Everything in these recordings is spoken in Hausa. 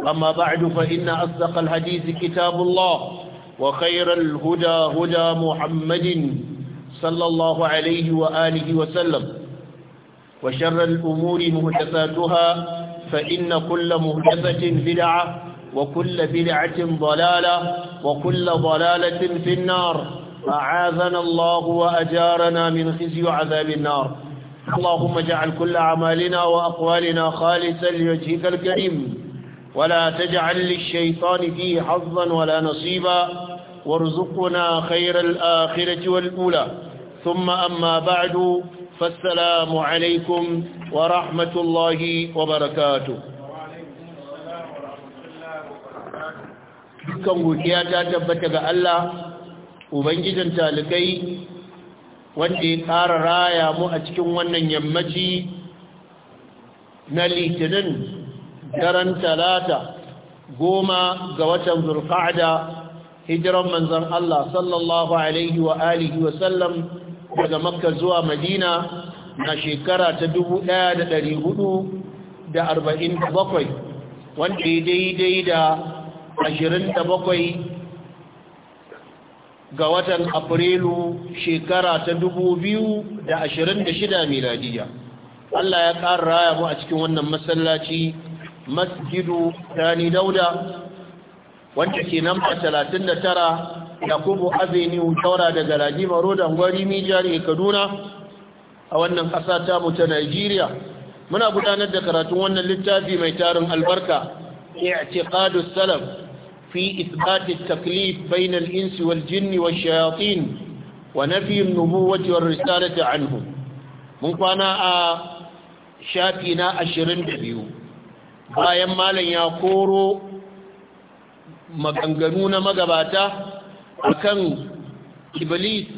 أما بعد فإن أصدق الحديث كتاب الله وخير الهدى هدى محمد صلى الله عليه وآله وسلم وشر الأمور مهدثاتها فإن كل مهدثة بدعة وكل بدعة ضلالة وكل ضلالة في النار أعاذنا الله وأجارنا من خزي عذاب النار اللهم اجعل كل أعمالنا وأقوالنا خالصا لوجهك الكريم ولا تجعل للشيطان فيه حظا ولا نصيبا وارزقنا خير الآخرة والأولى ثم أما بعد فالسلام عليكم ورحمة الله وبركاته dukkan godiya ta tabbata ga Allah ubangijin talikai wanda ya ƙara raya mu a cikin wannan yammaci na litinin daren talata goma ga watan zulqa'da hijiran manzan Allah sallallahu alaihi wa alihi wa sallam daga makka zuwa madina na shekara ta 1447 wanda daidai da 27 ga watan afrilu shekara ta 2026 miladiya Allah ya ƙara raya mu a cikin wannan masallaci masjidu rani dauda wanda ke namba 39 yakubu avenue taura daga rajima rodan gwari mijari kaduna a wannan ƙasa ta mu ta nigeria muna gudanar da karatun wannan littafi mai tarin albarka i'tiqadu salaf fi ithbat at-taklif bayna al-insi wal-jinni wash-shayatin wa nafi an-nubuwwati war-risalati anhum mun kwana a shafi na 22 bayan malam ya koro maganganu na magabata akan iblis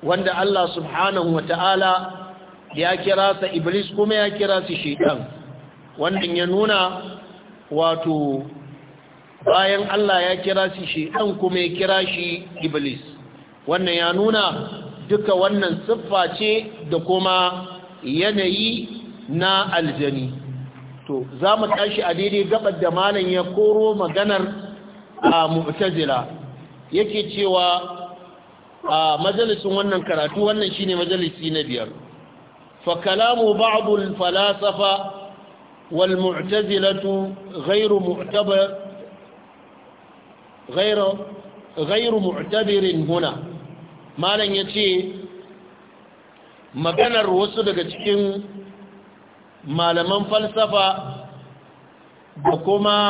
wanda Allah subhanahu wa ta'ala ya kira sa iblis kuma ya kira su shekan wanda ya nuna wato bayan Allah ya kira su shekan kuma ya kira shi iblis wannan ya nuna duka wannan siffa ce da kuma yanayi na aljani to za mu tashi a daidai gabar da malam ya koro maganar a mu'tazila yake cewa a majalisin wannan karatu wannan shine majalisi na biyar fa kalamu ba'd falasafa wal mu'tazilatu ghayr mu'tabar ghayr ghayr mu'tabir huna malam yace maganar wasu daga cikin malaman falsafa da kuma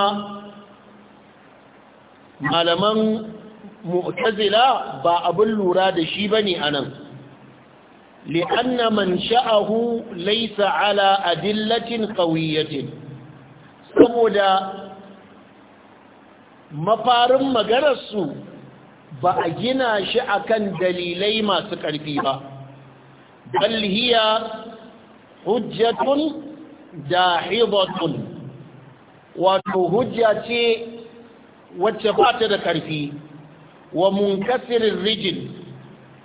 malaman mu'tazila ba abin lura da shi ba ne anan li'anna man sha'ahu laysa ala adillatin qawiyatin saboda mafarin magararsu ba a gina shi akan dalilai masu ƙarfi ba bal hujjatun dahidatun wato hujja ce wacce ba ta da ƙarfi wa munkasirin rijin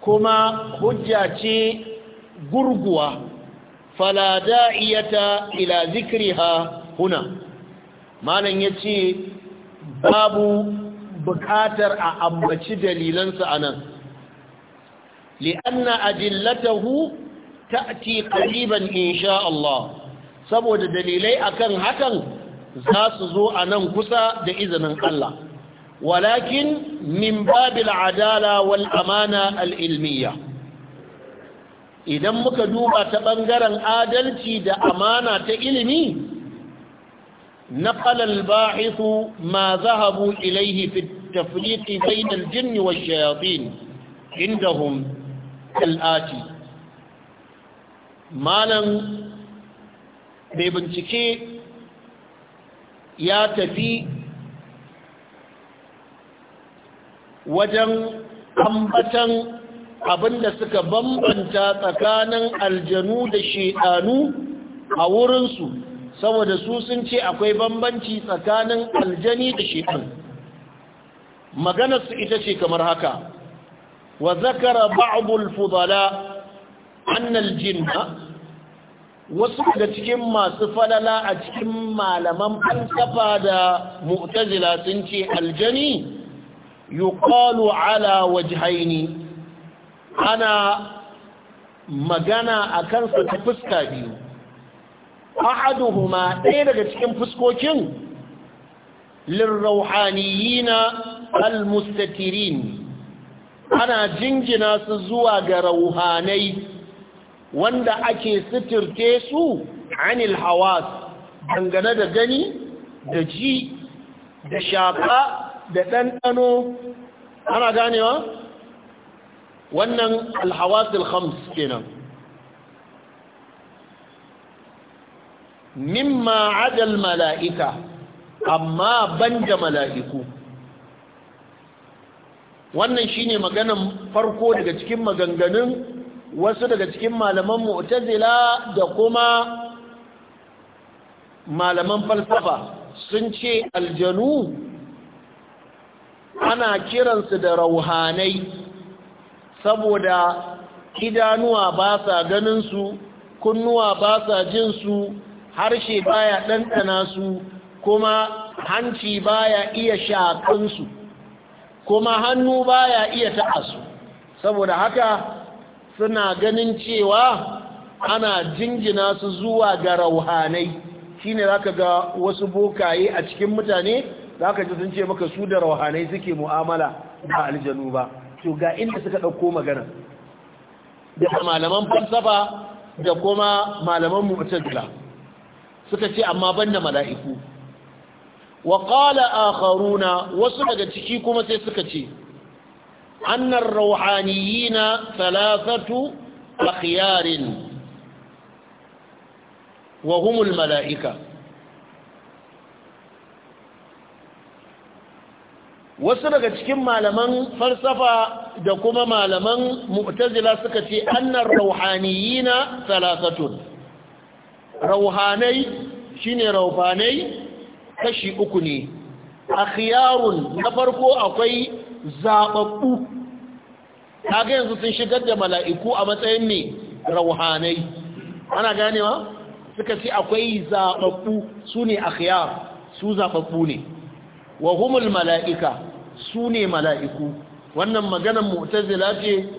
kuma hujja ce gurguwa fala ta ila ha huna malam yace babu bukatar a ambaci dalilansa a nan li'anna ajillatahu ta'ti qariban insha Allah saboda dalilai akan hakan za su zo a nan kusa da izinin Allah walakin min babil adala wal amana al ilmiya idan muka duba ta bangaren adalci da amana ta ilimi نقل الباحث ما ذهبوا إليه في التفريق بين الجن والشياطين عندهم الآتي malam bai bincike ya tafi wajen ambatan abinda suka bambanta tsakanin aljanu da shedanu a wurinsu saboda su sun ce akwai bambanci tsakanin aljani da shedan maganarsu ita ce kamar haka wa zakara ba'dul fudala annal jinna wasu daga cikin masu falala a cikin malaman falsafa da mu'tazila sun ce aljani yuqalu ala wajhaini ana magana a kansa ta fuska biyu ahaduhuma ɗaya daga cikin fuskokin lirrauhaniyina almustatirin ana jingina su zuwa ga rauhanai wanda ake sitirte su anil hawas dangane da gani da ji da shaƙa da ɗanɗano ana ganewa wannan alhawasul khams kenan mimma adal mala'ika amma banda mala'iku wannan shine maganan farko daga cikin maganganun wasu daga cikin malaman mu'tazila da kuma malaman falsafa sun ce aljanu ana kiransu da rauhanai saboda idanuwa ba sa ganinsu kunnuwa ba sa jinsu harshe baya ɗanɗana su kuma hanci baya iya shakansu kuma hannu baya iya ta'asu, saboda haka suna ganin cewa ana jingina su zuwa ga rauhanai shine zaka ga wasu bokaye a cikin mutane zaka ji sun ce maka su da rauhanai suke mu'amala ba aljanu ba to ga inda suka ɗauko magana da malaman falsafa da kuma malaman mu'tazila suka ce amma banda mala'iku wa qala akharuna wasu daga ciki kuma sai suka ce أن الروحانيين ثلاثة أخيار وهم الملائكة wasu daga cikin malaman falsafa da kuma malaman mu'tazila suka ce annar na salasatun rauhanai shine rauhanai kashi uku ne akhyarun na farko akwai zaɓaɓɓu kaga yanzu sun shigar da mala'iku a matsayin ne rauhanai ana ganewa suka ce akwai zaɓaɓɓu su ne akhiyar su zaɓaɓɓu ne wa humul mala'ika su ne mala'iku wannan maganan mu'tazila ce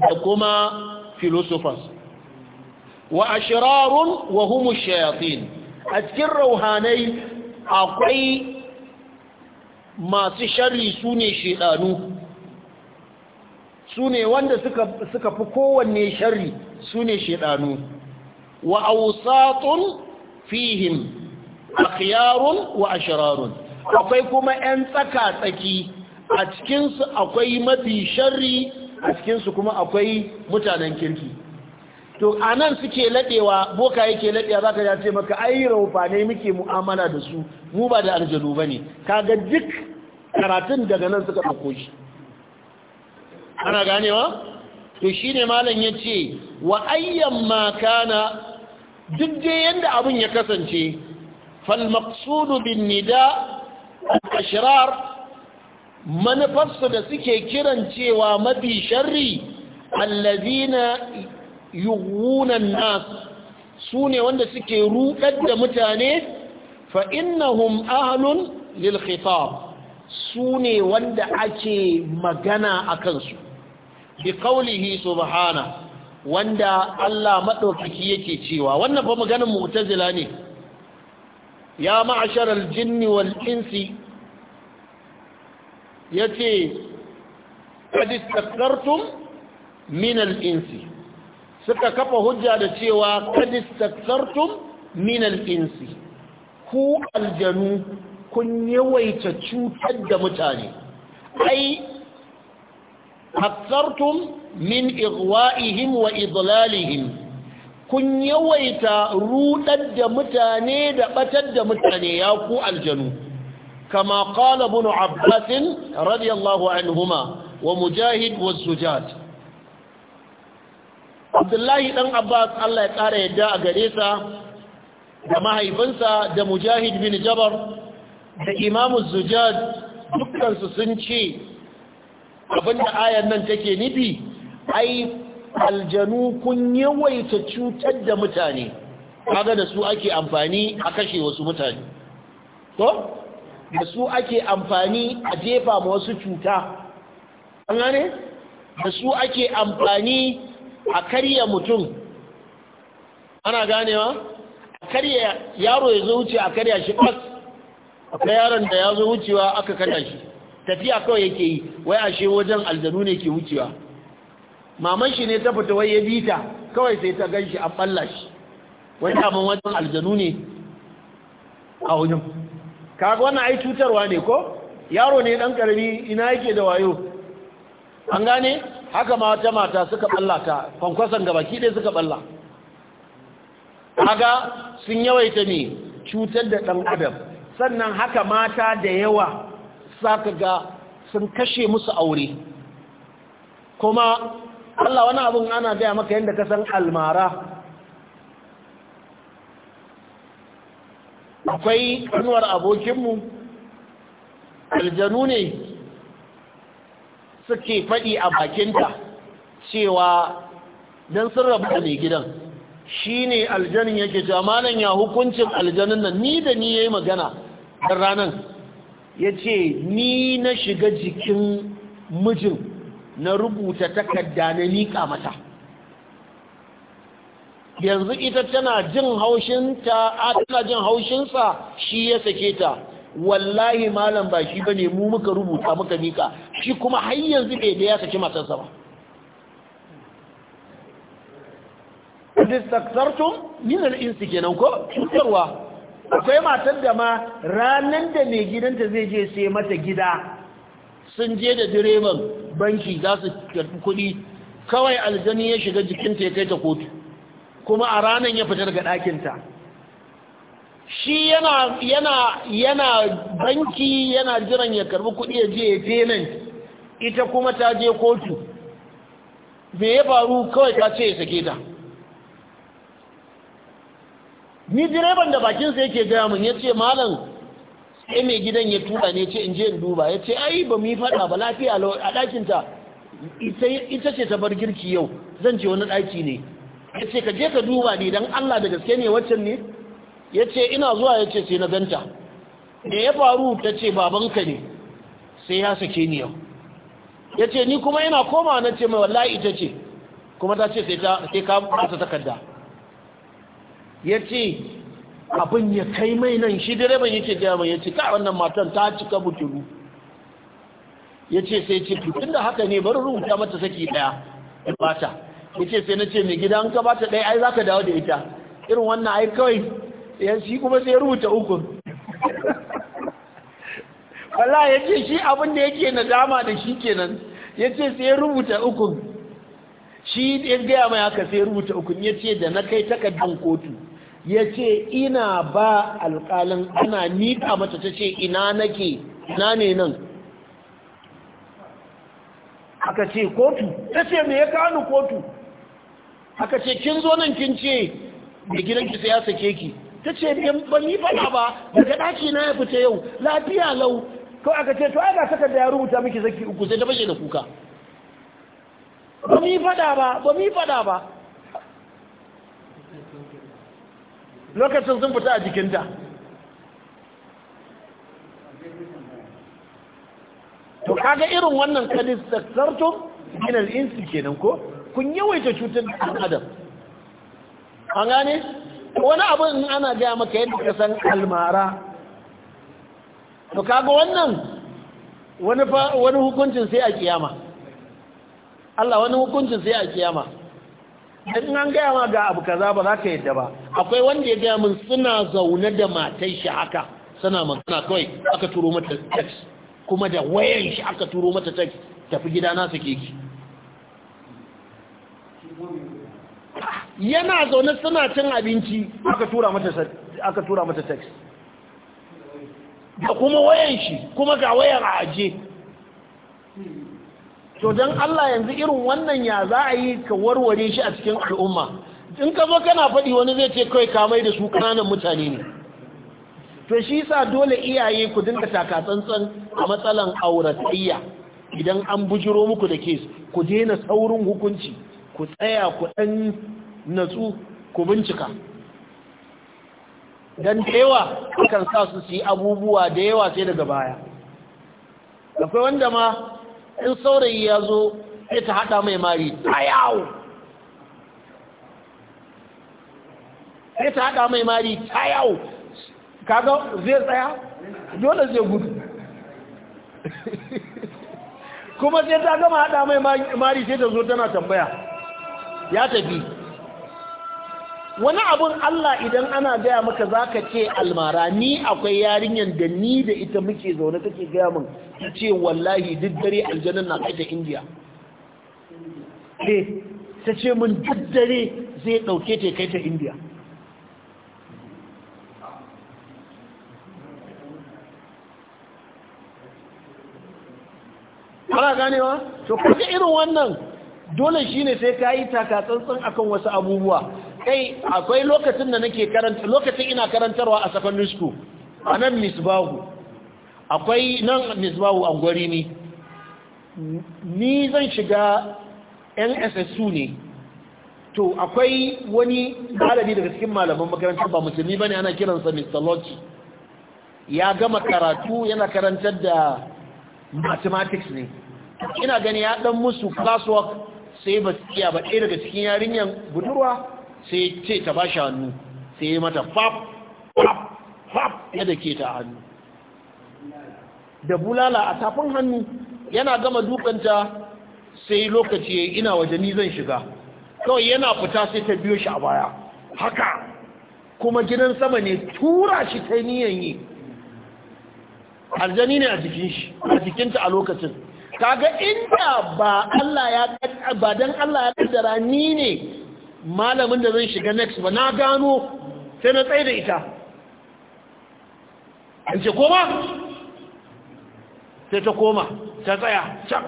da kuma filosofas wa ashirarun wa humu shayatin a cikin rauhanai akwai masu shari su ne shaidanu su ne wanda suka fi kowanne shari su ne shaidanu wa ausatun fihim akhyarun wa ashirarun, akwai kuma 'yan tsaka tsaki a cikinsu akwai mafi shari a cikinsu kuma akwai mutanen kirki to a nan suke laɗewa boka yake laɗewa za ka ya ce maka ai ne muke mu'amala da su mu ba da aljanu ba ne kaga duk karatun daga nan suka ɗauko shi ana ganewa to shi ne malam ya ce wa ayyan makana duk dai yadda abin ya kasance falmaksudu bin nida ashirar manufarsu da suke kiran cewa mafi sharri allazina yughuna nas su ne wanda suke rudar da mutane fa innahum ahlun lil khitab su ne wanda ake magana akan su bi qawlihi subhana wanda Allah madaukaki yake cewa wannan fa maganar mu'tazila ne ya ma'ashar al wal insi yace qad istaqartum min al-insi suka kafa hujja da cewa kadistaktartum min al-insi ku aljanu kun yawaita cutar da mutane ai hatsartum min igwa'ihim wa idlalihim kun yawaita rudar da mutane da batar da mutane ya ku aljanu kama qala ibn abbas radiyallahu anhuma wa mujahid wa sujat abdullahi ɗan abbas allah ya ƙara yadda a gare sa da mahaifinsa da mujahid bin jabar da imamu zujad dukkansu sun ce abinda ayan nan take nufi ai aljanu kun yawaita cutar da mutane kaga da su ake amfani a kashe wasu mutane to da su ake amfani a jefa ma wasu cuta an gane da su ake amfani a karya mutum ana ganewa a karya yaro ya zo wuce a karya shi bas. akwai yaron da ya zo wucewa aka karya shi tafiya kawai yake yi wai ashe wajen aljanu ne ke wucewa maman shi ne ta fita wai ya bita kawai sai ta gan shi an balla shi wai daman wajen aljanu ne a wajen kaga wannan ai cutarwa ne ko yaro ne dan karami ina yake da wayo an gane haka ma wata mata suka balla ta kwankwason gaba ɗaya suka balla haga sun yawaita ne cutar da ɗan adam sannan haka mata da yawa saka ga sun kashe musu aure kuma Allah wani abin ana gaya maka yadda ka san almara akwai kanuwar abokinmu aljanu ne suke faɗi a bakinta cewa don sun rabu da mai gidan shi ne aljanin yake jamanin malam ya hukuncin aljanin nan ni da ni ya yi magana da ranar ya ce ni na shiga jikin mijin na rubuta takarda na liƙa mata yanzu ita tana jin haushinta tana jin haushinsa shi ya sake ta wallahi malam ba shi bane mu muka rubuta muka mika shi kuma har yanzu bai da ya saki matarsa ba distaktartum min al-insi kenan ko cutarwa akwai matan da ma ranan da mai gidanta zai je sai mata gida sun je da direban banki za su karbi kuɗi kawai aljani ya shiga jikinta ya kai ta kotu kuma a ranan ya fita daga ɗakinta shi yana banki yana jiran ya karbi kudi ya je ya payment ita kuma ta je kotu me ya faru kawai ta ce ya sake ta ni direban da bakinsa yake gaya mun, ya ce malam sai mai gidan ya tura ne ce in je in duba ya ce ai ba mu yi fada ba lafiya a ɗakinta ita ce ta bar girki yau zan ce wani ɗaki ne ya ce ka je ka duba ne don allah da gaske ne waccan ne ya ce ina zuwa ya ce sai na ganta da ya faru ta ce babanka ne sai ya sake ni yau ya ce ni kuma ina koma na ce mai wallahi ita ce kuma ta ce sai ka masa takarda ya ce abin ya kai mai nan shi direban yake gaya ya ce ka wannan matan ta cika buturu ya ce sai ce tutun da haka ne bari rubuta mata saki daya in bata ya ce sai na ce mai gida an ka bata daya ai za ka dawo da ita irin wannan ai kawai ya shi kuma sai rubuta ukun Allah ya ce shi abin da yake dama da shi kenan ya ce sai rubuta ukun shi ya gaya mai haka sai rubuta ukun ya ce da na kai takaddun kotu ya ce ina ba alƙalin ana nika mata ta ce ina nake ina ne nan aka ce kotu ta ce me ya kanu kotu aka ce kin zo nan kin ce da gidanki sai ya sake ki ta ce ba ni faɗa ba daga ɗaki na ya fita yau lafiya lau kawai aka ce to aka saka da ya rubuta miki zaki uku sai ta bashe da kuka ba mi faɗa ba ba mi faɗa ba lokacin sun fita a jikinta to kaga irin wannan kalis da min al-insi kenan ko kun yawaita cutar da adam an gane wani abin in ana gaya maka yadda ka san almara to kaga wannan wani hukuncin sai a kiyama Allah wani hukuncin sai a kiyama in an gaya ma ga abu kaza ba za ka yadda ba akwai wanda ya gaya min suna zaune da matan shi haka suna magana kawai aka turo mata tax kuma da wayan shi aka turo mata tax tafi gida na keke. yana zaune suna cin abinci aka tura mata text da kuma wayan shi kuma ga wayan a aje to don Allah yanzu irin wannan ya za a yi ka warware shi a cikin al'umma in ka zo kana faɗi wani zai ce kawai kamai da su kananan mutane ne to shi sa dole iyaye ku dinga taka tsantsan a matsalan auratayya idan an bujiro muku da kes ku daina saurin hukunci ku tsaya ku ɗan natsu ku bincika don da yawa kan sa su yi abubuwa da yawa sai daga baya akwai wanda ma in saurayi ya zo sai ta haɗa mai mari ta yawo sai ta haɗa mai mari ta yawo kaga zai tsaya dole zai gudu kuma sai ta gama haɗa mai mari sai ta zo tana tambaya ya tafi wani abun Allah idan ana gaya maka za ka ce almara ni akwai yarinyar da ni da ita muke zaune take gaya min ta ce wallahi duk dare aljanun na kai ta indiya eh ta ce min duk dare zai ɗauke ta kai ta indiya kana ganewa to kuka irin wannan dole shine sai ka yi takatsantsan akan wasu abubuwa kai akwai lokacin da nake karanta lokacin ina karantarwa a secondary school a nan misbahu akwai nan misbahu an gwari ni ni zan shiga nssu ne to akwai wani malami daga cikin malaman makarantar ba musulmi ne ana kiransa mr lodge ya gama karatu yana karantar da mathematics ne ina gani ya dan musu classwork sai ba iya ba ɗaya daga cikin yarinyar budurwa sai ce ta ba shi hannu sai yi mata fap fap fap yadda ke ta hannu da bulala a tafin hannu yana gama dukanta sai lokaci ina waje ni zan shiga kawai yana fita sai ta biyo shi a baya haka kuma gidan sama ne tura shi ta niyan yi aljani ne a jikinta a lokacin kaga inda ba Allah ya ba dan Allah ya kaddara ni ne malamin da zan shiga next ba na gano sai na tsaye da ita an ce koma sai ta koma ta tsaya cak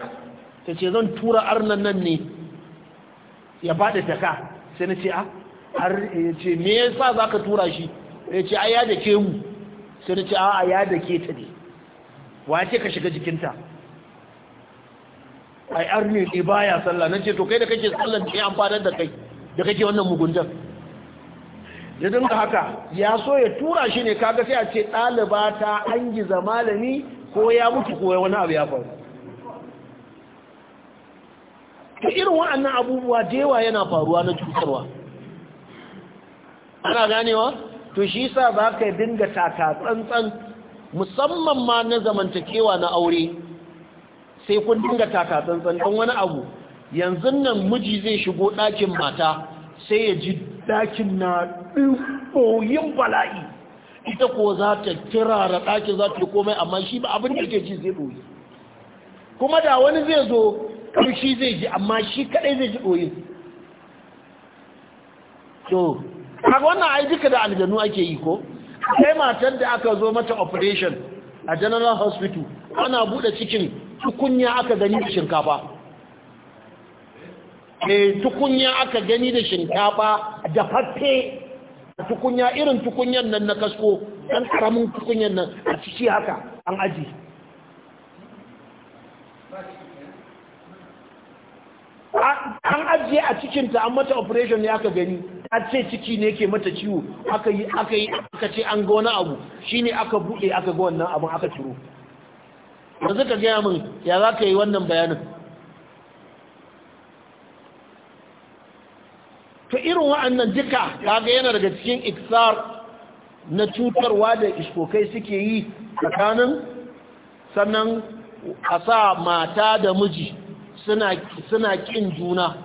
ta ce zan tura arnan nan ne ya faɗi ta ka sai na ce a ah. har ya ce me yasa za ka tura shi ya ce a ya da ke mu sai na ce a ah, ya da ke ta ne wa ce ka shiga jikinta ai arni ne baya sallah nace to kai da kake sallah ke amfanar da kai da kake wannan muguntar ya dinga haka ya so ya tura shi ne kaga sai a ce ɗaliba ta an giza malami ko ya mutu ko wani abu ya faru ta irin wa'annan abubuwa da yawa yana faruwa na cutarwa ana ganewa to shi sa za ka dinga taka tsantsan musamman ma na zamantakewa na aure sai kun dinga taka tsantsan don wani abu yanzu nan miji zai shigo ɗakin mata sai ya ji ɗakin na ɗin bala'i ita ko za ta kirara ɗakin za ta komai amma shi ba abin da ke ji zai ɗoyi kuma da wani zai zo ƙarshi zai ji amma shi kaɗai zai ji ɗoyin to kaga wannan ai duka da aljanu ake yi ko sai matar da aka zo mata operation a general hospital ana buɗe cikin tukunya aka gani da shinkafa eh tukunya aka gani da shinkafa da fatte tukunya irin tukunyan nan na kasko dan karamin tukunyan nan a ciki haka an aji an ajiye a cikin ta an mata operation ne aka gani ta ce ciki ne ke mata ciwo aka yi aka ce an ga wani abu shine aka buɗe aka ga wannan abin aka ciro da suka gaya min ya za ka yi wannan bayanin ta irin wa'annan duka kaga yana daga cikin iksar na cutarwa da iskokai suke yi tsakanin sannan a sa mata da miji suna kin juna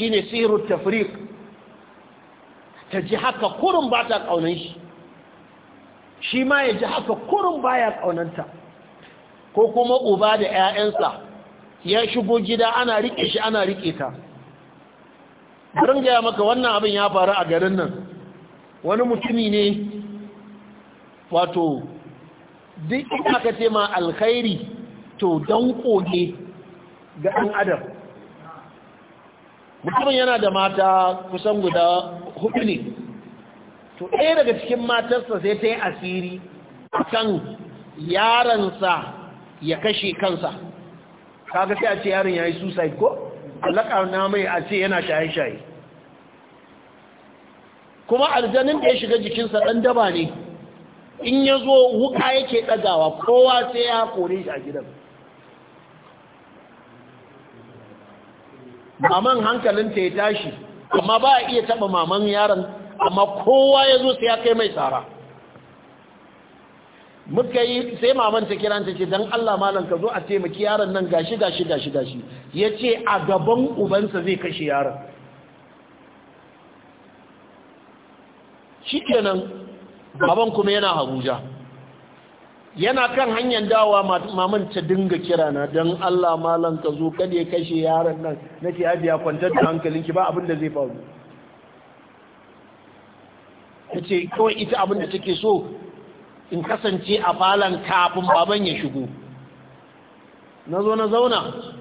ne sihirut tafriq ta ji haka kurin ba ta kaunan shi shi ma ya ji haka ba baya ƙaunanta. ko kuma uba da 'ya'yansa ya shigo gida ana riƙe shi ana riƙe ta ɗan gaya maka wannan abin ya faru a garin nan wani mutumi ne wato duk aka ce ma alkhairi to don koge ga ɗan adam mutumin yana da mata kusan guda hudu ne to ɗaya daga cikin matarsa sai ta yi asiri a kan yaransa ya kashe kansa kaga sai a ce yaron ya suicide ko alaka na mai a ce yana shaye-shaye kuma aljanin da ya shiga jikin sa dan daba ne in ya zo wuka yake ɗagawa kowa sai ya kore shi a gidan maman hankalin ta ya tashi amma ba a iya taba maman yaron amma kowa yazo sai ya kai mai tsara muka yi sai maman ta kiran ta ce dan Allah malam ka zo a taimaki yaron nan gashi gashi gashi gashi yace a gaban ubansa zai kashe yaron shikenan baban kuma yana Abuja yana kan hanyar dawa maman ta dinga kirana na dan Allah malam ka zo kada ya kashe yaron nan nace hajiya kwantar da ki ba abin da zai faru ta ce ita abin da take so in kasance a falon kafin baban ya shigo na zo na zauna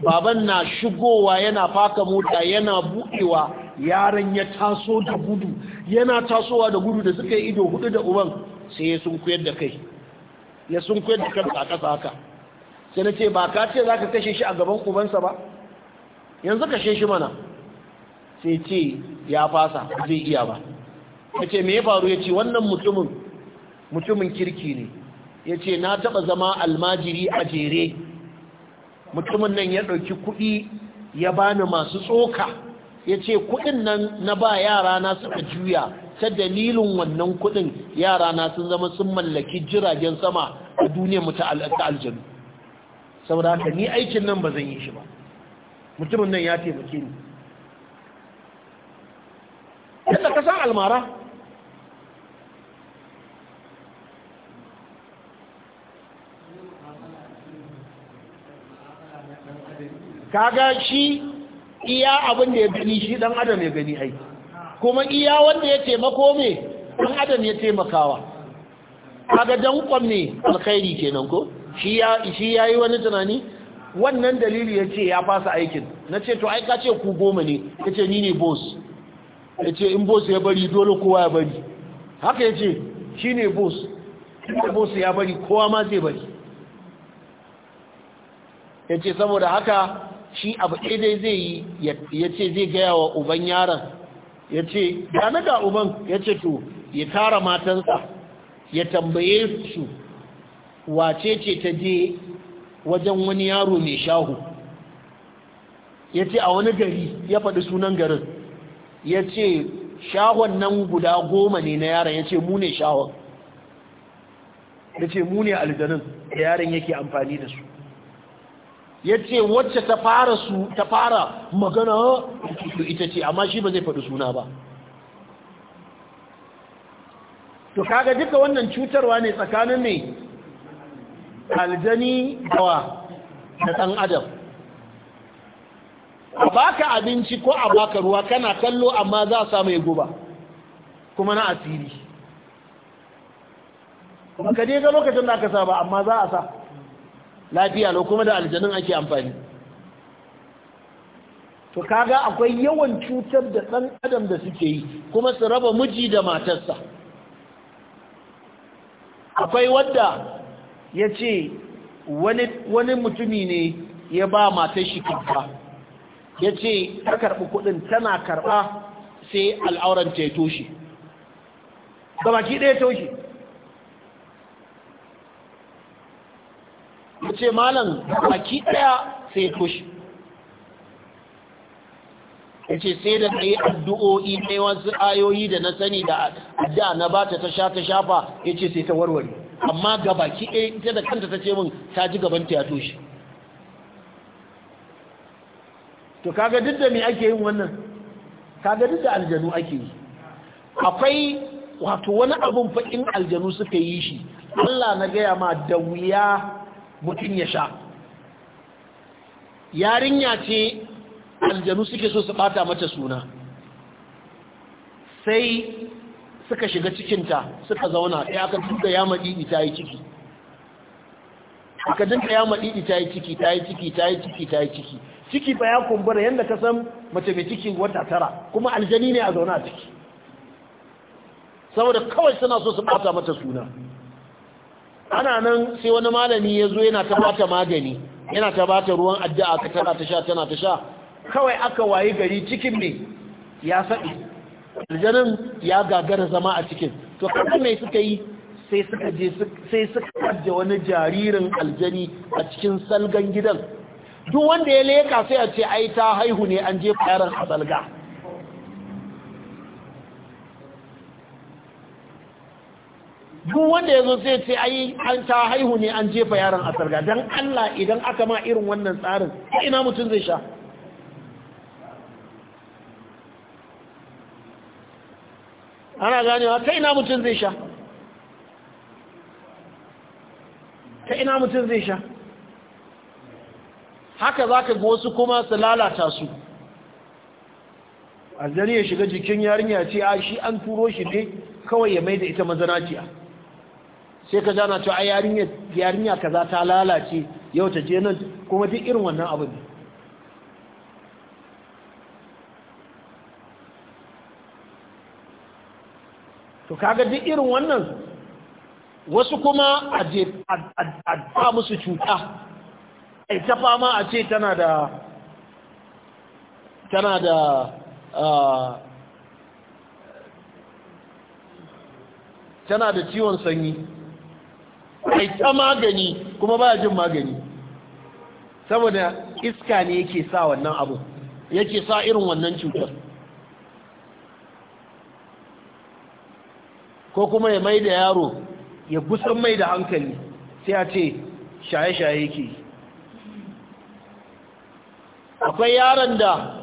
baban na shigowa yana faka mota yana buɗewa yaran ya taso da gudu yana tasowa da gudu da suka yi ido hudu da uban sai ya sun kuyar da kai ya sun kuyar da kansa a ƙasa haka sai na ce ba ka ce za ka kashe shi a gaban ubansa ba yanzu kashe shi mana sai ce ya fasa zai iya ba ya ce me ya faru ya ce wannan mutumin mutumin kirki ne ya ce na taɓa zama almajiri a jere mutumin nan ya ɗauki kuɗi ya bani masu tsoka ya ce kuɗin nan na ba yara na suka juya ta dalilin wannan kuɗin yara na sun zama sun mallaki jiragen sama a duniyar ta aljanu saboda ni aikin nan ba zan yi shi ba mutumin nan ya taimake ni yadda ka san almara kaga shi iya abin da ya gani shi dan adam ya gani ai kuma iya wanda ya taimako me dan adam ya taimakawa kaga dan kwam ne alkhairi kenan ko shi ya shi yayi wani tunani wannan dalili yace ya fasa aikin nace to ai ka ce ku goma ne ce ni ne boss yace in boss ya bari dole kowa ya bari haka yace ne boss ne boss ya bari kowa ma zai bari yace saboda haka shi abu dai zai yi ya ce zai gaya wa uban yaron ya ce gane ga uban ya ce to ya tara matansa ya tambaye su wace ce ta je wajen wani yaro mai shahu ya ce a wani gari ya faɗi sunan garin ya ce shahon nan guda goma ne na yaron ya ce mu ne shahon ya ce mu ne aljanin da yaron yake amfani da su ya ce wacce ta fara su ta fara magana ita ce amma shi ba zai faɗi suna ba to kaga duka wannan cutarwa ne tsakanin ne aljani dawa da ɗan adam a baka abinci ko a baka ruwa kana kallo amma za a samu ya guba kuma na asiri kuma ka je ga lokacin da aka sa ba amma za a sa lafiya lau kuma da aljanun ake amfani to kaga akwai yawan cutar da ɗan adam da suke yi kuma su raba miji da matarsa akwai wadda ya ce wani mutumi ne ya ba matar shi kafa ya ce ta karɓi kuɗin tana karɓa sai al'auran ta ya toshe gabaki ɗaya toshe ya ce malam baki ɗaya sai kushi toshe ya ce sai da na yi addu'o'i mai wasu ayoyi da na sani da da na ba ta sha ta shafa ya ce sai ta warware amma ga baki ɗaya ita da kanta ta ce min ta ji gabanta ya toshe to kaga duk da me ake yin wannan kaga duk da aljanu ake yi akwai wato wani abin fa aljanu suka yi shi Allah na gaya ma da wuya mutum ya sha yarinya ce aljanu suke so su bata mata suna sai suka shiga cikinta suka zauna sai aka duka ya maɗiɗi ta yi ciki aka duka ya maɗiɗi ta yi ciki ta yi ciki ta yi ciki ta yi ciki ciki ba ya kumbura yadda ka san mace mai ciki wata tara kuma aljani ne a zauna a ciki saboda kawai suna so su bata mata suna ana nan sai wani malami ya zo yana ta bata magani yana ta bata ruwan addu'a ka tana ta sha tana ta sha kawai aka wayi gari cikin me ya saɗi aljanin ya gagara zama a cikin to kada mai suka yi sai suka je wani jaririn aljani a cikin salgan gidan duk wanda ya leka sai a ce ai ta haihu ne an jefa yaron a salga duk wanda ya zo sai ce ai an ta haihu ne an jefa yaron a sarga don Allah idan aka ma irin wannan tsarin ina mutum zai sha ana ganewa ta ina mutum zai sha ta ina mutum zai sha haka za ka wasu kuma su lalata su aljani ya shiga jikin yarinya ce a shi an turo shi ne kawai ya mai da ita mazanaciya sai ka jana cewa a yarinya kaza ta lalace yau ta je nan kuma duk irin wannan abu ne. to kaga duk irin wannan wasu kuma a ba musu cuta ai ta fama a ce tana da tana da tana da ciwon sanyi ai ta magani kuma ba jin magani saboda iska ne yake sa wannan abu yake sa irin wannan cutar ko kuma ya mai da yaro ya gusan mai da hankali sai a ce shaye-shaye yake akwai yaron da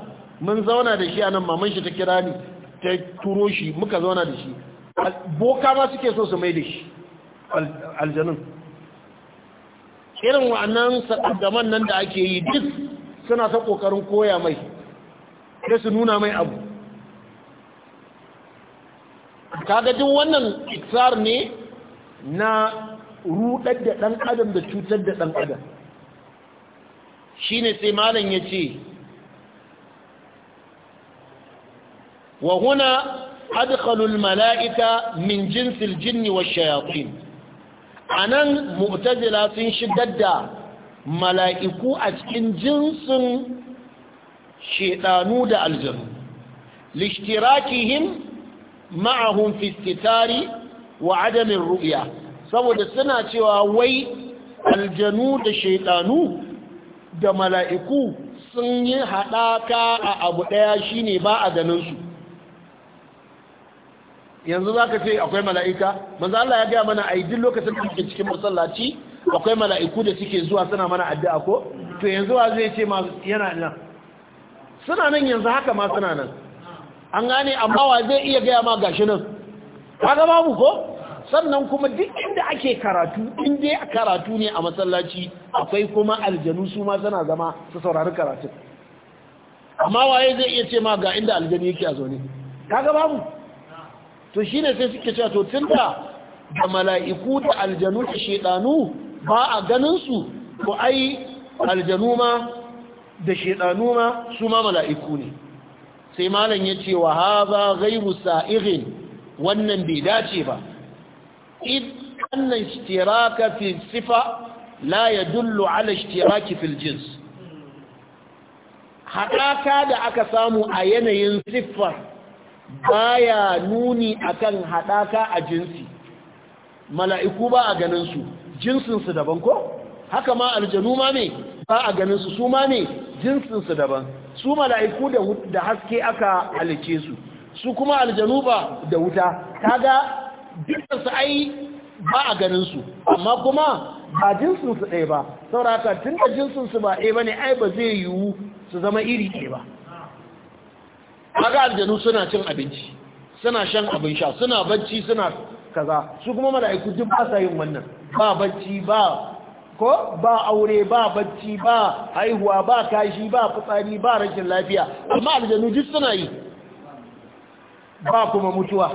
mun zauna da shi a nan maman shi ta kira ni ta turo shi muka zauna da shi boka ma suke so su mai da shi aljanun irin wa'annan saƙaddaman nan da ake yi duk suna ta ƙoƙarin koya mai sai su nuna mai abu kaga duk wannan iksar ne na ruɗar da ɗan adam da cutar da ɗan adam shine sai malam ya ce wa huna adkhalul mala'ika min jinsil jinni wa shayatin a nan mutazila sun shigar da mala'iku a cikin jinsin shedanu da aljanu lishtirakihim ma'ahun fistitari wa adamin ru'ya saboda suna cewa wai aljanu da shedanu da mala'iku sun yi haɗaka a abu ɗaya shine ba a ganinsu yanzu za ka ce akwai mala'ika manzo Allah ya gaya mana a duk lokacin da muke cikin masallaci akwai mala'iku da suke zuwa suna mana addu'a ko to yanzu wa zai ce ma yana nan suna nan yanzu haka ma suna nan an gane amma wa zai iya gaya ma gashi nan ga babu ko sannan kuma duk inda ake karatu in dai karatu ne a masallaci akwai kuma aljanu su ma suna zama su saurari karatu amma waye zai iya ce ma ga inda aljanu yake a zaune ga babu to shi ne sai suke cewa to tun da mala'iku da aljanu da shaidanu ba a ganinsu ko ai aljanu ma da shaidanu ma su ma mala'iku ne sai malam ya ce wa haza gairu sa'irin wannan bai dace ba id annan ishtiraka fi la ala ishtiraki fil jins haɗaka da aka samu a yanayin siffar baya nuni akan haɗaka a jinsi mala'iku ba a ganinsu jinsinsu daban ko haka ma aljanu ma ne ba a ganinsu su ma ne jinsinsu daban su mala'iku da haske aka halice su su kuma aljanu ba da wuta kaga jinsinsu ai ba a ganinsu amma kuma ba jinsinsu ɗaya ba sauraka tun da jinsinsu ba ɗaya ba ne ai ba zai yiwu su zama iri ɗaya ba kaga aljanu suna cin abinci suna shan abin sha suna bacci suna kaza su kuma mala'iku duk ba sa yin wannan ba bacci ba ko ba aure ba bacci ba haihuwa ba kashi ba fitsari ba rashin lafiya amma aljanu duk suna yi ba kuma mutuwa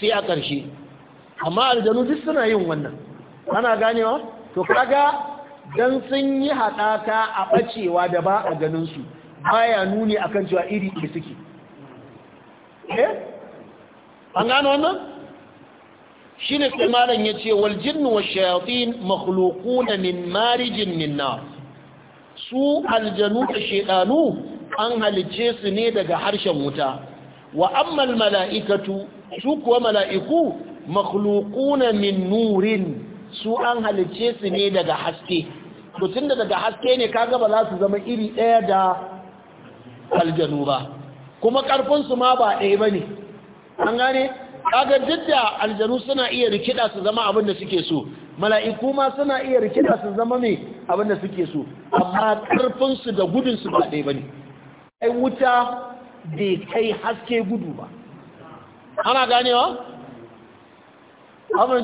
sai a ƙarshe amma aljanu duk suna yin wannan ana ganewa to kaga dan sun yi haɗaka a bacewa da ba a su baya nuni akan cewa iri ɗaya suke eh an gano wannan shi ne sai malam ya ce wal jinnu wa shayatin makhluquna min marijin min su aljanu da shedanu an halice su ne daga harshen wuta wa ammal mala'ikatu su kuwa mala'iku makhluquna min nurin su an halice su ne daga haske to tunda daga haske ne kaga ba za su zama iri daya da aljanu ba kuma ƙarfinsu ma ba ɗaya ba ne an gane kaga duk da aljanu suna iya rikida su zama abin da suke so mala'iku ma suna iya rikida su zama mai abin da suke so amma ƙarfinsu da gudunsu ba ɗaya ba ne ai wuta bai kai haske gudu ba ana ganewa?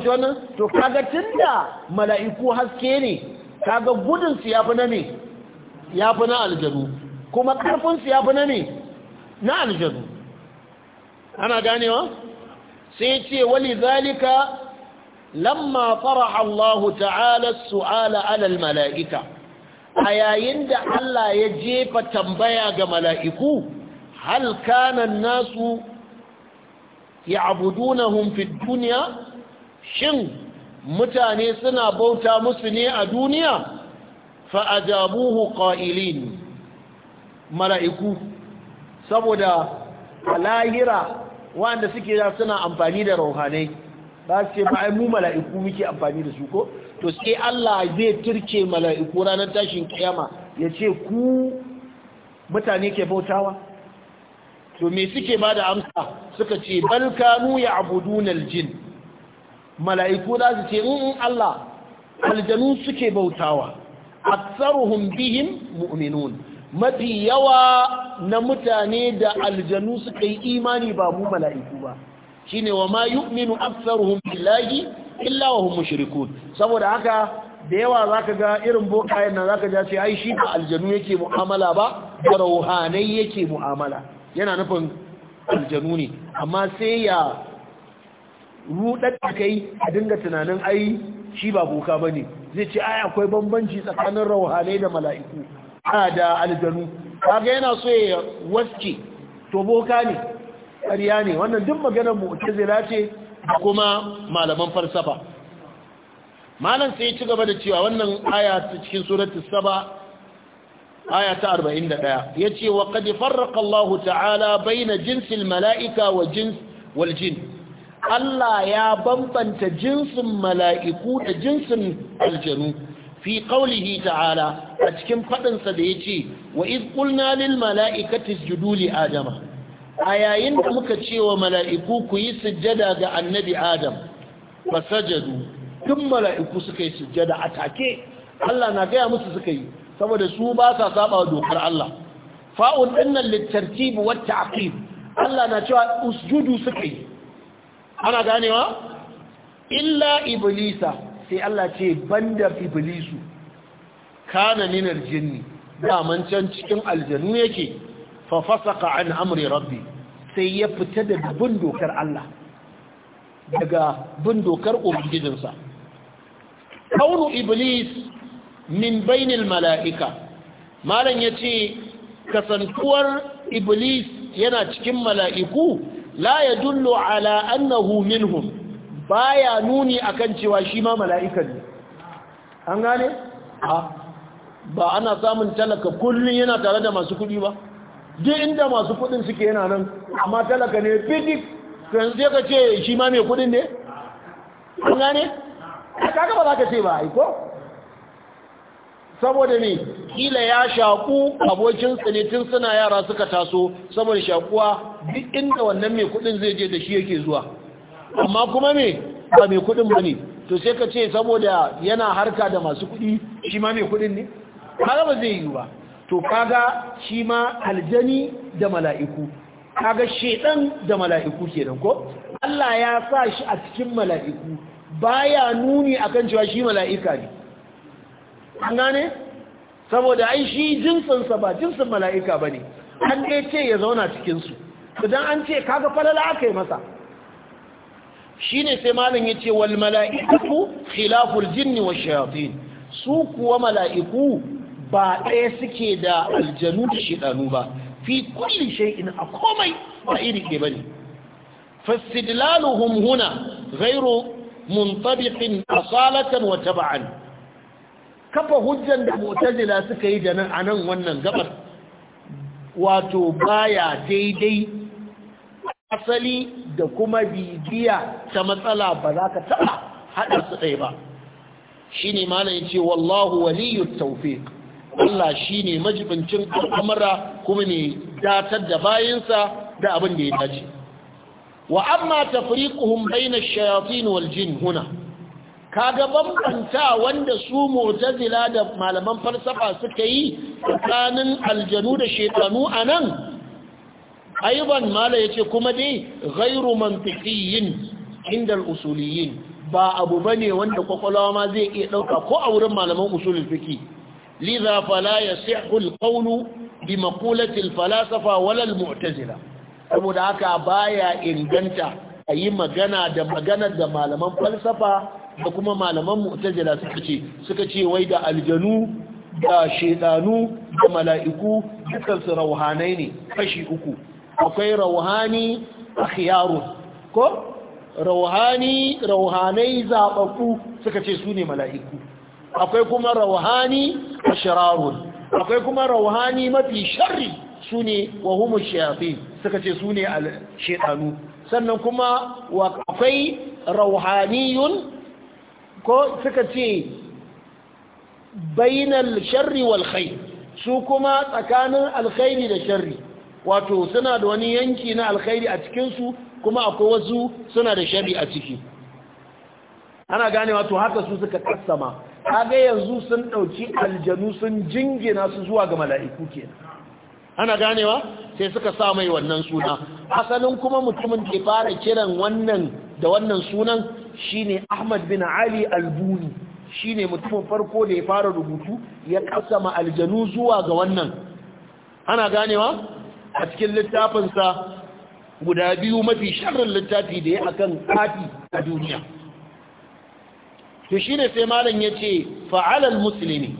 ci wannan to kaga da mala'iku haske ne kaga gudunsu ya fi na ne ya fi na aljanu kuma ƙarfinsu ya fi na ne na aljanu ana ganewa sai ce wani zalika lamma faraha Allah ta'ala su'ala alal mala'ika a yayin da Allah ya jefa tambaya ga mala'iku hal kana nasu ya'budunahum na dunya shin mutane suna bauta musu ne a duniya fa ajabuhu qa'ilin mala'iku saboda lahira wanda suke da suna amfani da rauhanai ba su ce ba ai mu mala'iku muke amfani da su ko to sai Allah zai turke mala'iku ranar tashin kiyama ya ce ku mutane ke bautawa to me suke ba da amsa suka ce bal kanu ya abudunal jin mala'iku za su ce in mm, mm, Allah aljanu suke bautawa aksaruhum bihim mu'minun mafi yawa na mutane da aljanu suka yi imani ba mu mala'iku ba shine wa ma yu'minu aktharuhum billahi illa wa hum mushrikun saboda haka da yawa zaka ga irin bokayen nan zaka ja sai ai shi ba aljanu yake mu'amala ba da rauhanai yake mu'amala yana nufin aljanu ne amma sai ya rudar kai a dinga tunanin ai shi ba boka bane zai ce ai akwai bambanci tsakanin rauhanai da mala'iku a da aljanu kaga yana so ya waske to boka ne ƙarya ne wannan duk maganar mu'tazila ce kuma malaman falsafa malam sai ci gaba da cewa wannan aya ta cikin suratu saba aya ta 41 yace wa qad farraqa Allah ta'ala baina jinsil mala'ika wa jins wal jin Allah ya bambanta jinsin mala'iku da jinsin aljanu fi qawlihi ta'ala a cikin faɗinsa da ya ce wa iz qulna lil mala'ikati isjudu adama a yayin da muka ce wa mala'iku ku yi sujjada ga annabi adam ba sajadu tun mala'iku suka yi sujjada a take Allah na gaya musu suka yi saboda su ba sa saba dokar Allah fa'un dinnan littartib wata ta'qib Allah na cewa usjudu suka yi ana ganewa illa iblisa sai Allah ce banda iblisu kana minar jinni daman can cikin aljanu yake fa fasaka an amri rabbi sai ya fita daga bin dokar Allah daga bin dokar ubangijinsa kaunu iblis min bainil mala'ika malan yace kasantuwar iblis yana cikin mala'iku la yadullu ala annahu minhum baya nuni akan cewa shi ma mala'ika ne an gane ha ba ana samun talaka kullum yana tare da masu kudi ba duk inda masu kudin suke yana nan amma talaka ne fidik kan sai ka ce shi ma mai kudin ne an gane kaga ba za ka ce ba aiko saboda ne kila ya shaku abokin ne tun suna yara suka taso saboda shakuwa duk inda wannan mai kudin zai je da shi yake zuwa amma kuma me ba mai kudin ba ne to sai ka ce saboda yana harka da masu kudi shi ma mai kudin ne kaga ba zai yi ba to kaga shi ma aljani da mala'iku kaga shedan da mala'iku kenan ko Allah ya sa shi a cikin mala'iku baya nuni akan cewa shi mala'ika ne an gane saboda ai shi jinsinsa ba jinsin mala'ika bane an dai ce ya zauna cikinsu. idan an ce kaga falala aka yi masa Shi ne sai malam yace wal mala'iku khilaful jinni wash shayatin su kuwa mala'iku ba ɗaya suke da aljanu da shidanu ba fi kulli shay'in a komai ba iri ɗaya bane fastidlaluhum huna ghairu muntabiqin asalatan wa tab'an kafa hujjan da mu'tazila suka yi da nan anan wannan gabar wato baya daidai asali da kuma bibiya ta matsala ba za ka taɓa haɗa su ɗaya ba shi ne ya ce wallahu waliyu taufiq Allah shi ne majibincin al'amura kuma ne datar da bayansa da abin da ya dace wa amma tafriquhum bayna ash-shayatin wal huna kaga bambanta wanda su mu'tazila da malaman falsafa suka yi tsakanin aljanu da a anan aiban mala yace kuma dai ghairu mantiqiyyin inda al-usuliyin ba abu bane wanda kwakwalwa ma zai iya ɗauka ko a wurin malaman usulul fiki. liza fala ya al-qawlu bi maqulati falasafa walal mutazila saboda haka baya inganta ayi magana da magana da malaman falsafa da kuma malaman mu'tazila suka ce suka ce wai da aljanu da shedanu da mala'iku dukkan su rauhanai ne kashi uku akwai rauhani akhyaru ko rauhani rauhanai zababbu suka ce su ne mala'iku akwai kuma rauhani shirarun akwai kuma rauhani mafi shari su ne wahumu shayafi suka ce su ne shedanu sannan kuma akwai rauhaniyun ko suka ce bainal sharri wal khair su kuma tsakanin alkhairi da shari. wato suna da wani yanki na alkhairi a cikinsu kuma akwai wasu suna da shari a ciki ana gane wato haka su suka kasama kaga yanzu sun ɗauki aljanu sun jingina su zuwa ga mala'iku kenan ana ganewa sai suka sa mai wannan suna asalin kuma mutumin ke fara kiran wannan da wannan sunan shine Ahmad bin Ali Albuni shine mutumin farko da ya fara rubutu ya kasama aljanu zuwa ga wannan ana ganewa a cikin littafinsa guda biyu mafi sharrin littafi da ya akan kati a duniya to shi ne sai malam ya ce fa'alal musulmi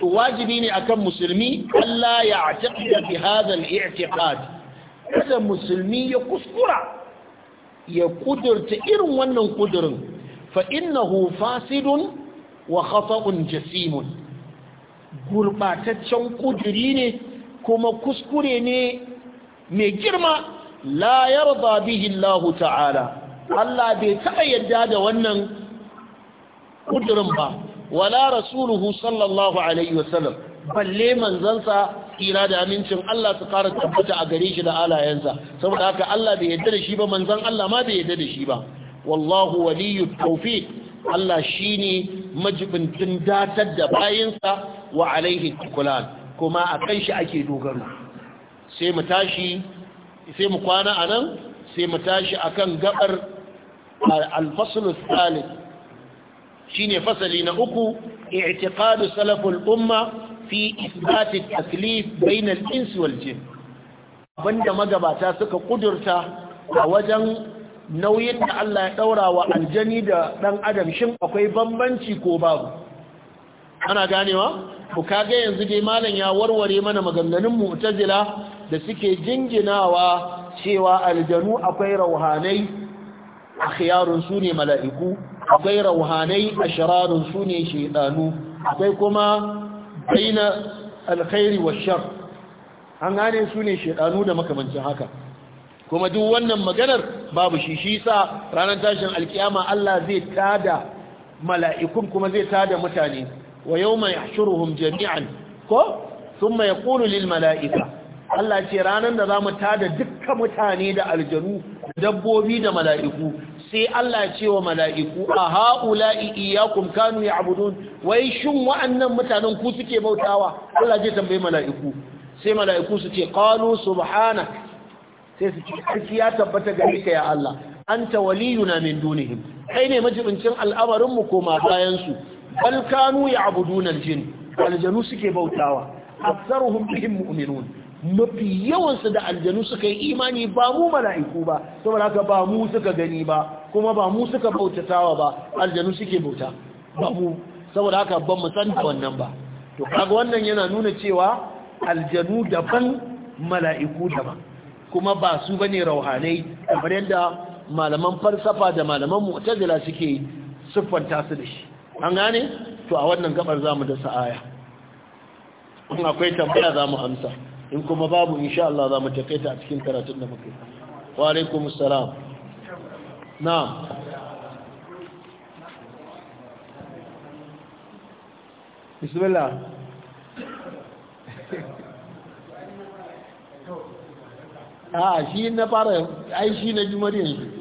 to wajibi ne akan musulmi Allah ya atiqida fi hadha itiqad kada musulmi ya kuskura ya kudurta irin wannan kudurin fa innahu fasidun wa khata'un jasimun gurbataccen kuduri ne kuma kuskure ne mai girma la yarda bihi Allah ta'ala Allah bai taɓa yadda da wannan kudurin ba wala rasuluhu sallallahu alaihi wasallam balle manzansa tsira da amincin Allah su ƙara tabbata a gare shi da alayensa saboda haka Allah bai yadda da shi ba manzan Allah ma bai yadda da shi ba wallahu waliyyu tawfiq Allah shine majibintin datar da bayinsa wa alaihi tukulan kuma a kan shi ake dogaro sai mu tashi sai mu kwana a nan sai mu tashi a kan gabar alfasulus talib shi ne fasali na uku i'tiqadu salaful umma fi isbati taklif bain al wal jin abinda magabata suka kudurta a wajen nauyin da Allah ya daura wa aljani da dan adam shin akwai bambanci ko babu ana ganewa ku kage yanzu dai malam ya warware mana maganganun mu'tazila da suke jinginawa cewa aljanu akwai rauhanai akhyarun su ne mala'iku akwai rauhanai shirarun su ne akwai kuma baina alkhairi washar an gane su ne da makamancin haka kuma duk wannan maganar babu shi shi sa ranar tashin alkiyama Allah zai tada mala'ikun kuma zai tada mutane wa yawma yahshuruhum jami'an ko thumma yaqulu lil mala'ika Allah ce ranar da zamu tada dukka mutane da aljanu dabbobi da mala'iku sai Allah ce wa mala'iku a ha'ula'i iyakun kanu ya abudun wai shin wa'annan mutanen ku suke bautawa Allah zai tambayi mala'iku sai mala'iku su ce ƙalu subhana sai su ya tabbata ga ka ya Allah an tawaliyu na min dunihim kai ne majibincin al'amarinmu ko ma bayansu Falkanu ya ya'buduna jin aljanu suke bautawa aktsaruhum bihim mu'minun mafi yawansu da aljanu suka yi imani ba mu mala'iku ba saboda haka ba mu suka gani ba kuma ba mu suka bautatawa ba aljanu suke bauta ba mu saboda haka ban mu san wannan ba to kaga wannan yana nuna cewa aljanu daban mala'iku daban kuma ba su bane rauhanai kamar yadda malaman falsafa da malaman mu'tazila suke siffanta su da shi an gane to a wannan gabar zamu da sa'aya in akwai tambaya zamu amsa in kuma babu insha Allah zamu takaita a cikin karatun da muke wa alaikum assalam na'am bismillah a shi na fara ai shi na jumar yanzu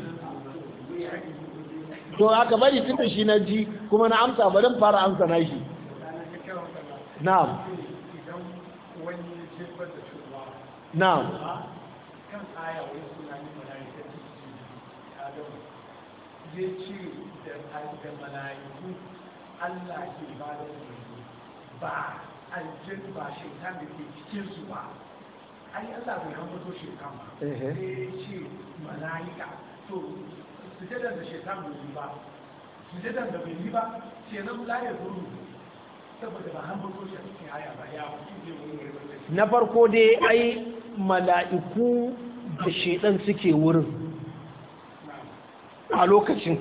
to aka bari tun da shi na ji kuma na amsa bari fara amsa na shi na'am na'am ya ce da Allah ke ba da ba aljin ba shekaru da ke cikin su ba ai Allah bai hambato shekaru ba sai ya ce mala'ika to da shaitan bai yi ba da bai yi ba kenan zuru saboda ba han shi cikin haya ba ya na farko dai ai mala'iku da shaitan suke wurin a lokacin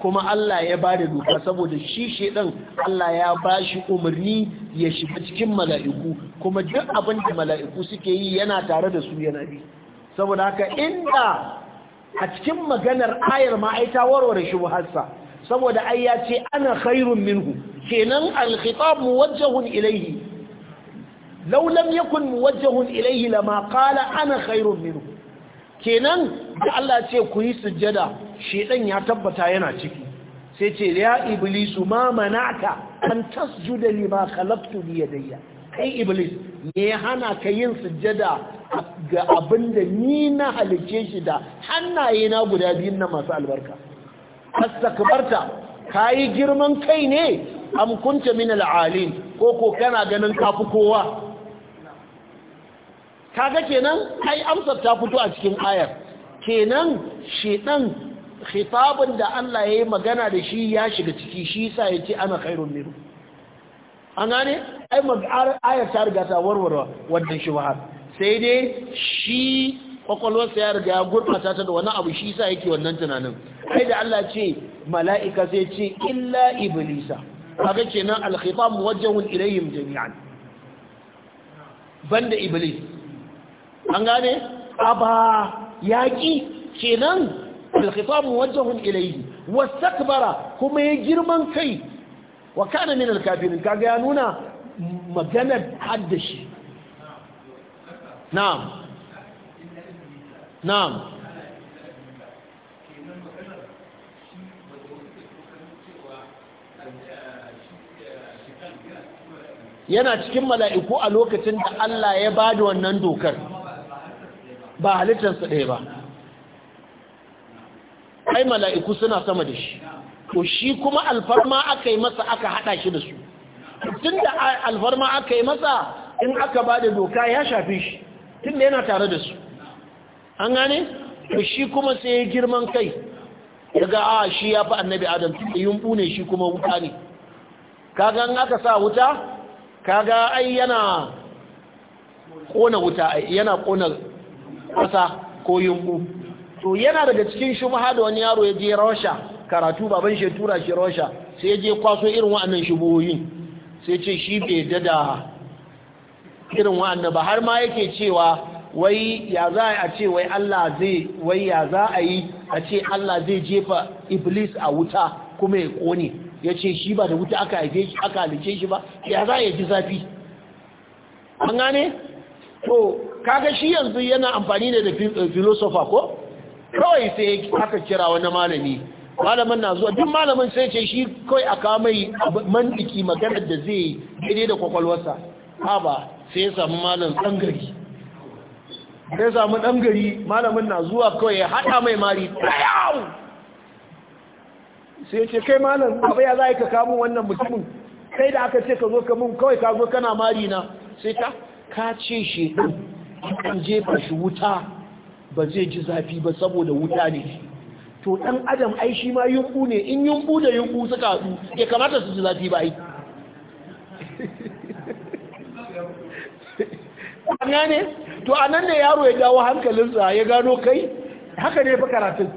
kuma Allah ya ba da doka saboda shi shaidan Allah ya ba shi umarni ya shiga cikin mala'iku kuma duk abin da mala'iku suke yi yana tare da su yana bi saboda haka inda a cikin maganar ayar ma ai ta warware saboda ai ya ce ana khairun minhu kenan al muwajjahun ilayhi law lam yakun muwajjahun ilayhi lama qala ana khairun minhu kenan da Allah ce ku yi sujjada shedan ya tabbata yana ciki sai ce ya iblisu ma mana'ka an tasjuda lima khalaqtu bi yadayya kai iblis ne ya hana ka yin sujjada ga abin da ni na halice shi da hannaye na guda biyun na masu albarka ka kayi girman kai ne am kunta min al'alin ko ko kana ganin kafi kowa kaga kenan ai amsar ta fito a cikin ayar kenan shedan khitabin da Allah yayi magana da shi ya shiga ciki shi ya yace ana khairun minhu an gane ai ayar ta riga ta warware wannan shubhar sai dai shi kwakwalwarsa ya riga ya gurɓata ta da wani abu shi sa yake wannan tunanin ai da Allah ce mala'ika sai ce illa iblisa kaga kenan al-khitab muwajjahun ilayhim jami'an banda iblis an gane aba yaki kenan al-khitab muwajjahun ilayhi wastakbara kuma ya girman kai wa kana min alkafirin kaga ya nuna maganar haddashi na'am na'am yana cikin mala'iku a lokacin da Allah ya ba da wannan dokar ba halittarsa ɗaya ba ai mala'iku suna sama da shi to shi kuma alfarma aka yi masa aka hada shi da su tun da alfarma aka yi masa in aka ba da doka ya shafi shi tun da yana tare da su an gane to shi kuma sai ya girman kai daga a ah, shi ya fi annabi adam tun da yumbu ne shi kuma wuta ne kaga in aka sa wuta kaga ai yana kona wuta yana kona kasa ko yumbu to yana daga cikin shubha da wani yaro ya je rasha karatu baban shi tura shi rosha sai je kwaso irin wa'annan shubuhoyin sai ce shi bai dada irin wa'annan ba har ma yake cewa wai ya za a ce wai Allah zai wai ya za a yi a ce Allah zai jefa iblis a wuta kuma ya kone ya ce shi ba da wuta aka haife shi aka halice shi ba ya za a ji zafi an gane to kaga shi yanzu yana amfani da filosofa eh, ko kawai sai aka kira wani malami malamin na zuwa duk malamin sai ce shi kawai a kawo mai mandiki maganar da zai daidai da kwakwalwarsa ha ba sai ya samu malam gari sai ya samu gari malamin na zuwa kawai ya haɗa mai mari ɗayau sai ce kai malam abu ya za ka kamun wannan mutumin kai da aka ce ka zo ka mun kawai ka zo kana mari na sai ta ka ce shi kan jefa shi wuta ba zai ji zafi ba saboda wuta ne to ɗan adam ai shi ma yunɓu ne in yunɓu da yunɓu suka haɗu ya kamata su ji zafi ba yi ne to a nan ne yaro ya jawo hankalinsa ya gano kai haka ne fi karatun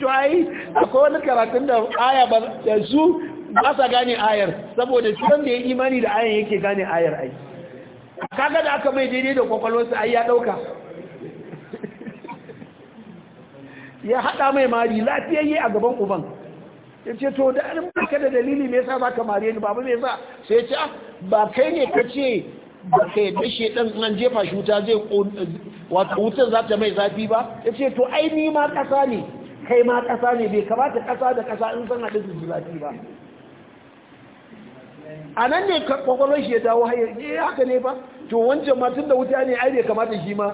to ai akwai wani karatun da aya ba da su ba sa gane ayar saboda su da ya imani da ayar yake gane ayar ai kaga da aka mai daidai da kwakwalwarsa ai ya ɗauka ya haɗa mai mari lafiyayye a gaban uban ya ce to da an baka da dalili me yasa zaka mare ni babu me sa sai ce ah, ba kai ne ka ce ba ka yadda ɗan nan jefa shi wuta zai wata wutar za ta mai zafi ba ya ce to ai ni ma ƙasa ne kai ma ƙasa ne bai kamata ƙasa da ƙasa in san haɗin su zafi ba a nan ne kwakwalon shi ya dawo hayar ya eh, haka ne ba to wancan matun da wuta ne ai bai kamata shi ma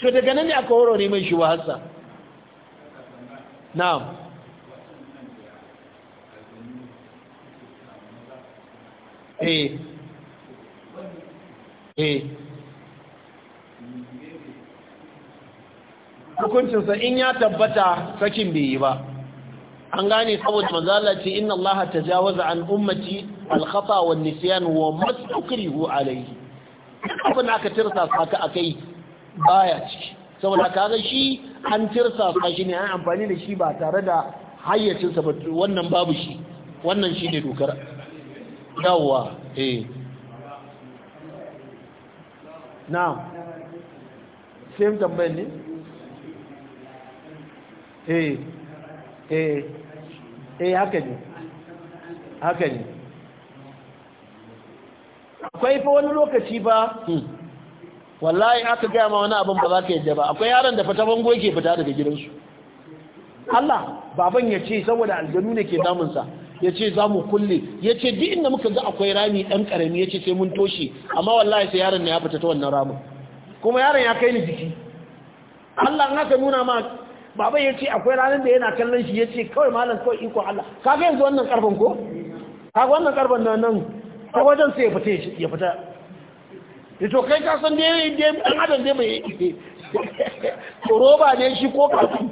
to daga nan ne aka horore mai shi hassa na'am E- hukuncinsa in ya tabbata sakin bai yi ba an gane saboda manzala ce inna Allah tajawaza an ummati al-khata wa nisyan wa mastukrihu alayhi abin aka tirsa saka akai baya ciki saboda kaga shi an tirsa shi ne an amfani da shi ba tare da hayyacinsa ba wannan babu shi wannan shi ne dokar yawwa eh na same tambayar ne eh eh eh haka ne haka ne akwai fa wani lokaci ba hmm. wallahi aka gaya ma wani abin ba za ka yadda ba akwai yaron da fata bango yake fita daga gidansu Allah baban ya ce saboda aljanu ne ke damunsa ya ce za mu kulle ya ce duk inda muka ga akwai rami ɗan ƙarami ya ce sai mun toshe amma wallahi sai yaron ne ya fita ta wannan ramin kuma yaron ya kai ni jiki Allah in haka nuna ma baban ya ce akwai ranar da yana kallon shi ya ce kawai malam kawai iko Allah kaga yanzu wannan karfan ko kaga wannan karfan nan nan ta wajen sai ya fita ya fita da to kai kasan da da dan adam zai mai yi to roba ne shi ko katun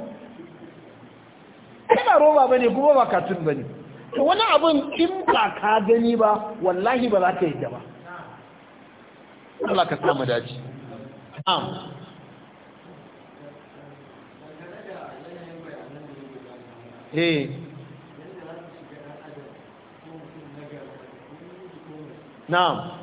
ba roba ba ne kuma ba katun ba ne to wani abin in ba ka gani ba wallahi ba za ka yi ba Allah ka samu daji am eh na'am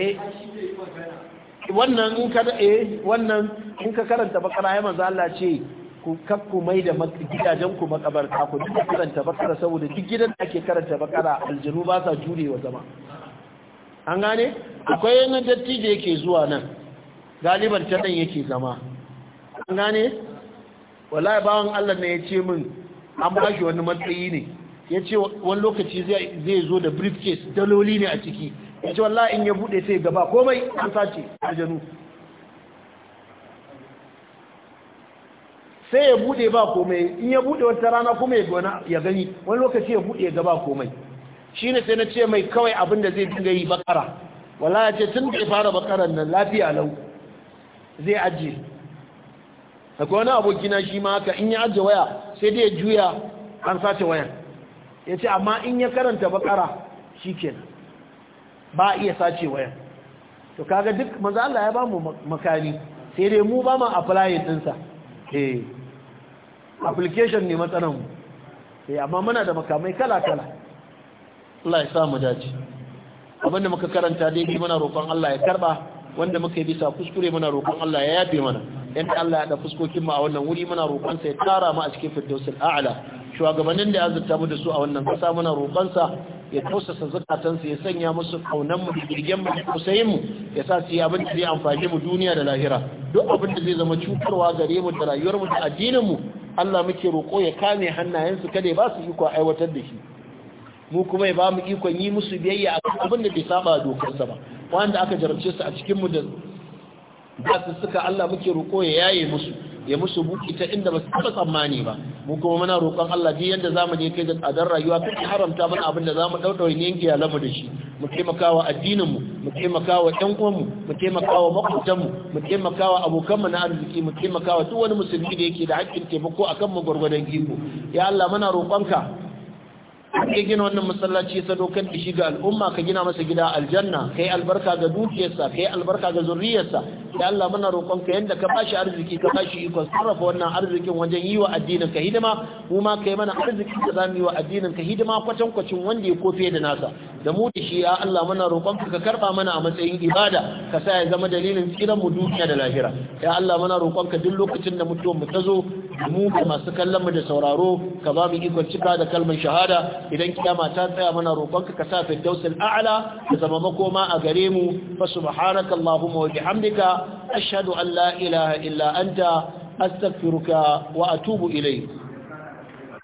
Eh, eh, wannan in ka karanta bakara ya manzo Allah ce ku kakku mai da gidajen ku makabarta ku duk karanta bakara saboda duk gidan da ake karanta bakara aljinu ba sa jurewa zama an gane akwai yana dattijo yake zuwa nan galiban ta nan yake zama an gane wallahi bawan Allah ne ya ce min an ba shi wani matsayi ne ya ce wani lokaci zai zo da briefcase daloli ne a ciki ya ce wallahi in ya bude sai gaba komai an sace aljanu sai ya bude ba komai in ya bude wata rana kuma ya gona ya gani wani lokaci ya bude gaba komai shine sai na ce mai kawai abin da zai dinga yi bakara wallahi ya ce tun da ya fara bakaran nan lafiya lau zai ajiye akwai wani abokina shi ma haka in ya ajiye waya sai dai ya juya an sace wayan ya ce amma in ya karanta bakara shi kenan ba a iya sace waya to kaga duk manzo Allah ya bamu mu makani sai dai mu ba apply din sa eh application ne matsalan mu eh amma muna da makamai kala kala Allah ya sa mu dace abinda muka karanta dai muna roƙon Allah ya karba wanda muka yi bisa kuskure muna roƙon Allah ya yafe mana da Allah ya da fuskokin mu a wannan wuri muna roƙon sa ya tara mu a cikin firdausul a'la shugabannin da ya azurta mu da su a wannan kasa muna roƙon sa ya tausasa zukatansu ya sanya musu kaunan mu girgen mu kusayin mu ya sa su yi abin da zai amfani mu duniya da lahira duk abin da zai zama cutarwa gare mu da rayuwar mu da addinin mu Allah muke roƙo ya kame hannayensu kada ya ba su iko aiwatar da shi mu kuma ya ba mu ikon yi musu biyayya kan abin da bai saba sa ba wanda aka jarabce su a cikin mu da ba su suka Allah muke roƙo ya yaye musu ya musu buki ta inda ba su taba tsammani ba mu kuma muna roƙon Allah ji yadda zamu je kai da tsadar rayuwa kan haramta mana abin da zamu wani yanki yanke alamu da shi mu taimakawa addinin mu mu taimakawa ɗan uwan mu mu taimakawa makwabtan mu mu taimakawa abokan mu na arziki mu taimakawa duk wani musulmi da yake da haƙƙin taimako akan mu gwargwadon iko ya Allah muna roƙonka ya gina wannan masallaci ya sadaukar da shi ga al'umma ka gina masa gida aljanna kai albarka ga dukiyarsa kai albarka ga zurriyarsa ya Allah muna roƙon ka yanda ka bashi arziki ka bashi ikon sarrafa wannan arzikin wajen yi wa addinin ka hidima mu ma kai mana arziki da zamu yi wa addinin ka hidima kwatan kwacin wanda ya kofe da nasa da mu da shi ya Allah muna roƙon ka karba mana a matsayin ibada ka sa ya zama dalilin tsiran mu dukiya da lahira ya Allah muna roƙon ka duk lokacin da mutum mu ta zo mu masu kallon mu da sauraro ka ba mu ikon cika da kalmar shahada idan kiyama ta tsaya mana roƙonka ka sa firdausul a'la da zama makoma a gare mu fa subhanaka allahumma wa bihamdika ashhadu an la ilaha illa anta astaghfiruka wa atubu ilayk